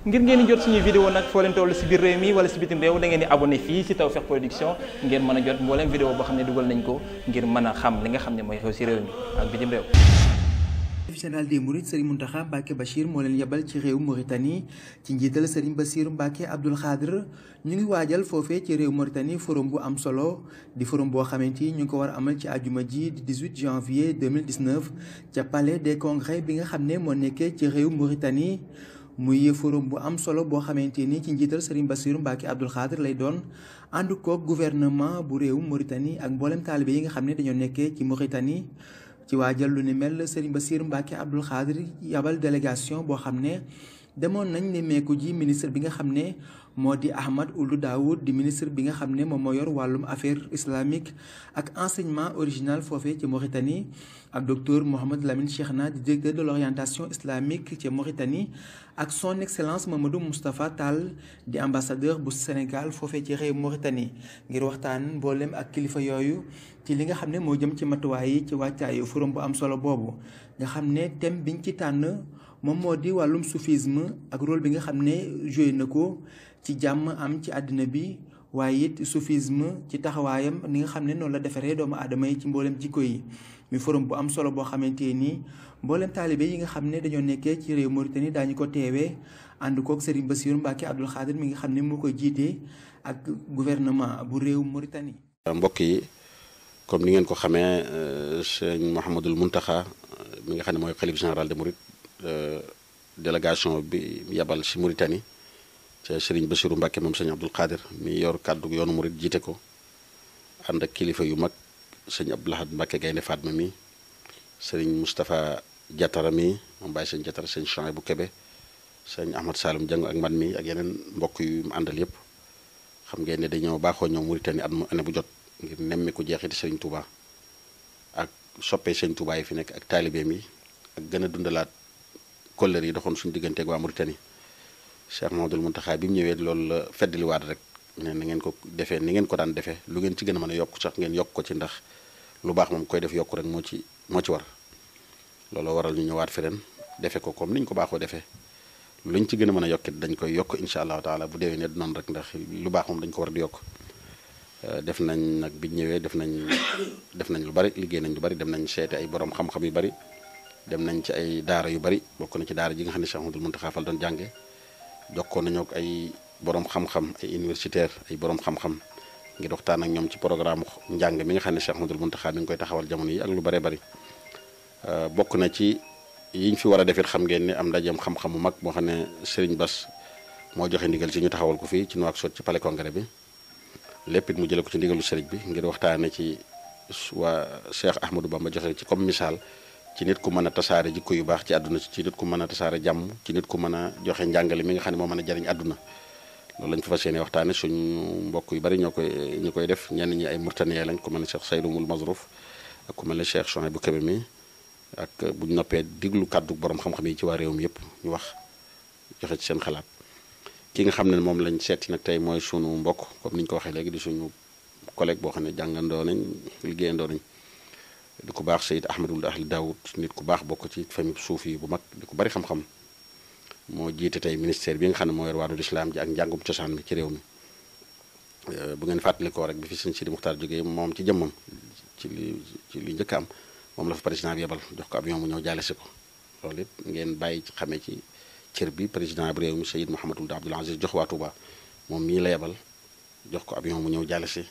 ngir ngeen di jot suñuy vidéo nag foo leen toll si biir réew mi wala si bitim réew da ngeen di abonné fii si Tawfekh Production ngeen mën a jot mbooleem vidéo boo xam ne dugal nañ ko ngir mën a xam li nga xam ne mooy xew si réew mi ak bitim réew général des Mourides Serigne Mountakha Mbacké Bachir moo leen yebal ci réew Mauritanie ci njiital Serigne Bassirou Mbacké Abdoul Khadr ñu ngi waajal foofee ci réew Mauritanie forum bu am solo di forum boo xamante ni ñu ngi ko war a amal ci àjuma ji di 18 janvier 2019 ca palais des congrès bi nga xam ne moo nekkee ci réew Mauritanie muy forum bu am solo boo xamante nii ci njiital Serigne Bassirou Mbacké Abdoul Khadr lay doon ànd koog gouvernement bu réew Mauritanie ak mboolem taalibe yi nga xam ne dañoo nekkee ci Mauritanie. ci waajal lu ni mel Serigne Bassirou Mbacké Abdoul Khadr yabal délégation boo xam ne. demoon nañ ne meeku ji ministre bi nga xam ne moo di Ahmad Ould Daoud di ministre bi nga xam ne moom moo yor wàllum affaire islamique ak enseignement original foofee ci Mauritanie ak docteur Mohamed Lamine Cheikhna di directeur de l'orientation islamique ci ak son excellence Mamadou Moustapha Tall di ambassadeur bu Sénégal foofee ci réew Mauritanie ngir waxtaan mboolem ak kilifa yooyu ci li nga xam ne moo jëm ci matuwaay yi ci wàccaayu forum bu am solo boobu nga xam ne thème biñ ci tànn moom moo di wàllum soufisme ak rôle bi nga xam ne joué na ko ci jàmm am ci àddina bi waaye it soufisme ci taxawaayam ni nga xam ne noonu la defaree doomu aadama yi ci mboolem jikko yi muy forum bu am solo boo xamante ni mboolem taalibe yi nga xam ne dañoo nekkee ci réew Mauritanie ñu ko teewee ànd kook Serigne Bassirou Mbacké Abdoul Khadir mi nga xam ne moo koy jiite ak gouvernement bu réew Mauritanie. mbokk yi comme ni ngeen ko xamee euh, sëñ Mouhamadul Mountakha euh, mi nga xam ne mooy xalif général Euh, délégation bi yabal si Mauritanie ca Serigne Bassirou Mbacké moom sëñ Abdoul Khadir mi yor kàddu yoonu murit jiite ko ànd ak kilifa yu mag sëñ Abdoul Ahad Mbacké Gaynde Fatma mi sëriñ Moustapha Diatara mi moom bàyyi sëñ Diatara sëñ Chouaïb bu Kébé sëñ Ahmad Saloum ak man mi ak yeneen mbokk yu àndal yëpp xam ngeen ne dañoo baaxoo ñëw Mauritanie at bu jot ngir nemmi ko jeexiti sëriñ Touba ak soppee sëñ Touba yi fi nekk ak taalibeem yi ak gën a dundalaat kóllëre yi doxoon suñu digganteeg waa Mauritanie Cheikh Mamadou Mountakha bi mu ñëwee loolu la feddaliwaat rek ne na ngeen ko defee ni ngeen ko daan defee lu ngeen ci gën a mën a yokk sax ngeen yokk ko ci ndax lu baax moom koy def yokk rek moo ci moo ci war looloo waral ñu ñëwaat fi defe ko comme niñ ko baaxoo defee luñ ci gën a mën a yokkit dañ koy yokk incha allahu taala bu déwee ne du noonu lu baax moom dañ ko war di yokk euh, def nañ nag biñ ñëwee def nañ def nañ lu bari liggéey nañ lu bari dem nañ seete ay borom xam-xam yu bari dem nañ ci ay daara yu bari bokk na ci daara ji nga xam ne Cheikh Ahmadoul Mountakha Fall doon jànge jokkoo nañoo ak ay borom xam-xam ay universitaire ay borom xam-xam ngir waxtaan ak ñoom ci programme njàng mi nga xam ne Cheikh Ahmadoul Mountakha mi ngi koy taxawal jamono ak lu bëree bëri euh, bokk na ci yiñ fi war a defit xam ngeen ne am ndajeem xam-xam mag moo xam ne Serigne Bass moo joxe ndigal ci ñu taxawal ko fii ci Nouakchott ci palais congrès bi lépp it mu jële ko ci ndigalu Serigne bi ngir waxtaane ci waa Cheikh Ahmadou Bamba joxe ci comme misaal ci nit ku mën a tasaare jikko yu baax ci àdduna ci nit ku mën a tasaare jàmm ci nit ku mën a joxe njàngale mi nga xam ne a jariñ àdduna lañ fa fas yéene waxtaane suñu mbokk yu bari ñoo koy ñu koy def ñenn ñi ay murtaniya lañ ku mel ne Cheikh Seydou Moul Mazrouf ak ku mel ne Cheikh Chouaïbou Kébé mi ak buñ noppee diglu kàddu borom xam-xam ci waa réew yëpp ñu wax joxe ci seen xalaat ki nga xam ne moom lañ seeti nag tey mooy sunu mbokk comme niñ ko waxee léegi di suñu collègue boo xam ne jàngandoo nañ liggéeyandoo nañ di ku baax Seyd Ahmadul Ahli Daoud nit ku baax bokk ci famille yi bu mag di ku bari xam-xam moo jiite tey ministère bi nga xam ne moo yor wàllu lislaam ji ak njàngum cosaan mi ci réew mi euh, bu ngeen fàttalikoo rek bi fi sëñ Sidi Muxtaar jógee moom ci jëmmam ci li ci njëkk am moom la fa président bi yebal jox ko avion mu ñëw jaale si ko loolu it ngeen bàyyi ci xamee ci cër bi président bi réew mi Seyd Mouhamadul Abdoul Aziz jox waa Touba moom mii la yebal jox ko avion mu ñëw jaale si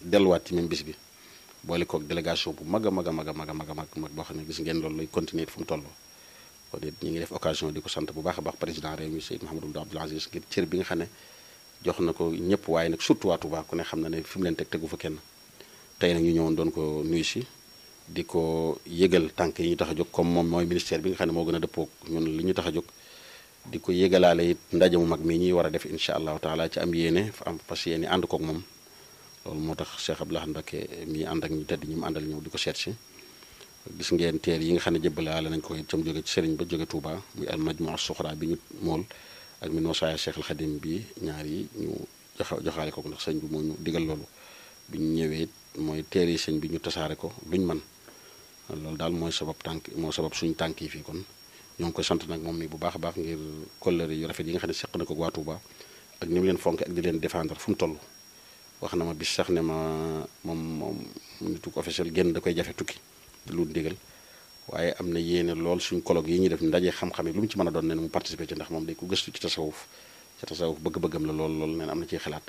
delluwaat ci même bis bi boole koog délégation bu mag a mag a mag a mag a a mag boo xam ne gis ngeen loolu lay continuer fu mu toll kon it ñu ngi def occasion di ko sant bu baax a baax président réew mi Seyd ñëpp waaye nag surtout waa Touba ku ne xam na ne fi mu leen teg tegu fa kenn tey doon ko nuyu si di ko yëgal tànk yi ñu tax a jóg moom mooy ministère bi nga xam ne moo gën a dëppoog ñu tax a jóg di ko yëgalaale it ndaje mu mag mii ñuy war a def incha allahu taala ci am yéene am fas yéene ànd koog moom loolu moo tax Cheikh Abdou Lahad Mbacké mi ànd ak ñu tedd ñi mu àndal ñëw di ko seet si gis ngeen teer yi nga xam ne jëbbalaale nañ ko itam jóge ci sëriñ ba jóge Touba muy al majmu suxra bi ñu mool ak min wasaaya Cheikh al Xadim bi ñaar yi ñu joxa joxaale ko ndax sëñ bi moo ñu digal loolu bi ñu ñëwee mooy teer yi sëñ bi ñu tasaare ko luñ man loolu daal mooy sabab tànk moo sabab suñ tànk yi fii kon ñoo ngi koy sant nag moom mi bu baax a baax ngir kóllëre yu rafet yi nga xam ne seq na ko waa Touba ak ni mu leen fonk ak di leen défendre fu mu toll wax na ma bis sax ne ma moom moom nitu ko officiel génn da koy jafe tukki lu ndigal waaye am na yéene lool suñ colloque yi ñuy def ndaje xam-xam yi lu mu ci mën a doon nen mu participer ci ndax moom day ku gëstu ci tasawuf ci tasawuf bëgg-bëggam la lool lool neen am na ciy xalaat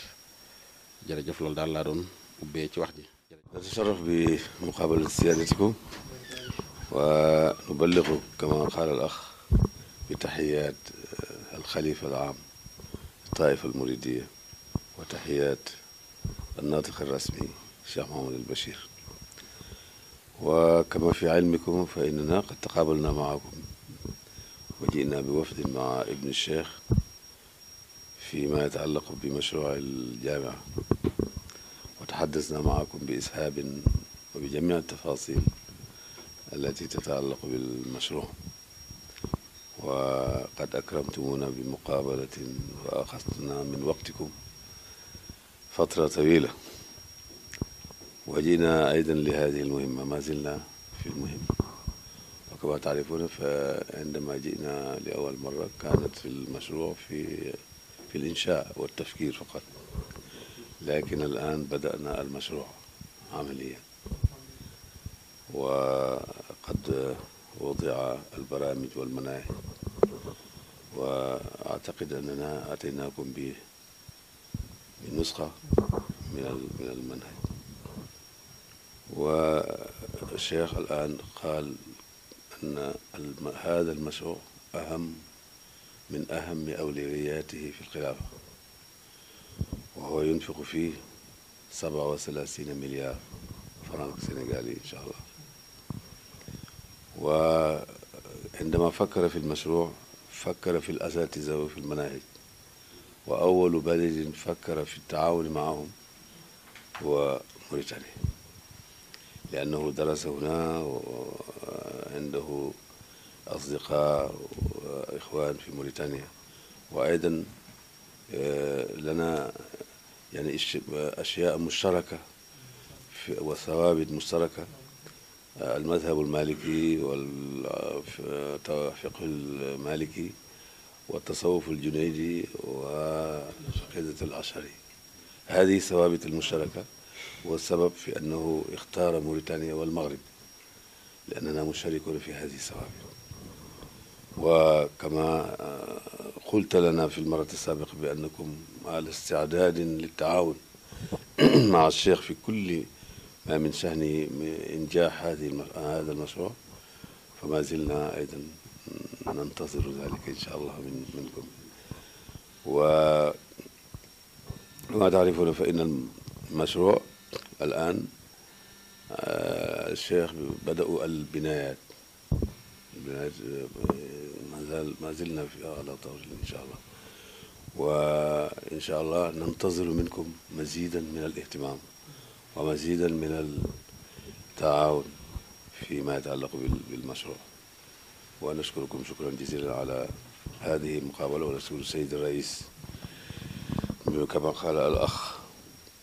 jërëjëf loolu daal laa doon ubbee ci wax ji bi بمقابلة سيادتكم ونبلغ كما قال الأخ بتحيات الخليفة العام الطائفة المريدية وتحيات الناطق الرسمي الشيخ محمد البشير وكما في علمكم فإننا قد تقابلنا معكم وجئنا بوفد مع ابن الشيخ فيما يتعلق بمشروع الجامعة وتحدثنا معكم بإسهاب وبجميع التفاصيل التي تتعلق بالمشروع وقد أكرمتمونا بمقابلة وأخذتنا من وقتكم فترة طويلة وجئنا أيضا لهذه المهمة ما زلنا في المهمة وكما تعرفون فعندما جئنا لأول مرة كانت في المشروع في في الإنشاء والتفكير فقط لكن الآن بدأنا المشروع عمليا وقد وضع البرامج والمناهج وأعتقد أننا أتيناكم به نسخة من من المنهج والشيخ الآن قال أن هذا المشروع أهم من أهم أولوياته في الخلافة وهو ينفق فيه سبعة وثلاثين مليار فرنك سنغالي إن شاء الله وعندما فكر في المشروع فكر في الأساتذة وفي المناهج wa awalu baladin fakkara fi taawuni maahum wa Mauritanie liannahu darasa huna indahu asdiqa wa ixwan fi Mauritania wa aydan lana yani ashyaa mushtaraka wa sawaabit mushtaraka almadhab almaliki wal fiqh almaliki wa tasawuf aljunaydi wa caqidat alashari hadihi sawaabit almusharaka wa sabab fi annahu ixtaara mauritania walmagrib liannana musharikuna fi hadihi sawaabit وكما قلت لنا في المرة السابقة بأنكم على استعداد للتعاون مع الشيخ في كل ما من شأن إنجاح هذه هذا المشروع فما زلنا أيضا ننتظر ذلك إن شاء الله من منكم وما تعرفون فإن المشروع الآن الشيخ بدأوا البنايات البنايات ما, زال ما زلنا فيها على طول إن شاء الله وإن شاء الله ننتظر منكم مزيدا من الاهتمام ومزيدا من التعاون فيما يتعلق بالمشروع wa nashkurukum shukran jazilan ala hadihi muqabala wa nashkuru sayid rais kama qala al akh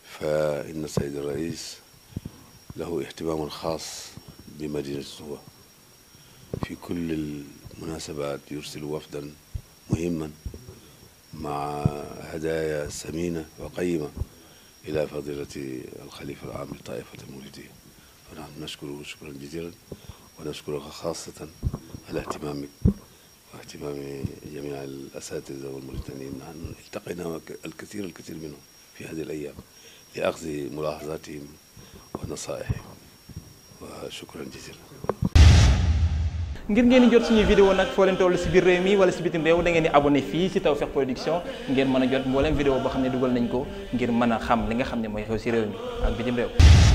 fa inna sayid rais lahu ihtimaamun xaas bi madinati Touba fi kulli almunasabaat yursilu wafdan muhimman maa hadaaya samina wa qayima ila fadilati alxalifa alaam li taifati almuridiya fa nahnu nashkuruhu shukran jazilan wa nashkuruka xaasatan على اهتمامك واهتمام جميع الأساتذة والموريتانيين نحن التقينا الكثير الكثير منهم في هذه الأيام لأخذ ملاحظاتهم ونصائحهم وشكرا جزيلا ngir ngeen di jot suñuy vidéo nag si biir réew mi wala si bitim réew da ngeen di abonné si Tawfekh Production ngeen mën a jot mbooleem vidéo boo xam ne dugal nañ ko ngir mën a xam li nga xam ne mooy xew si réew mi ak bitim réew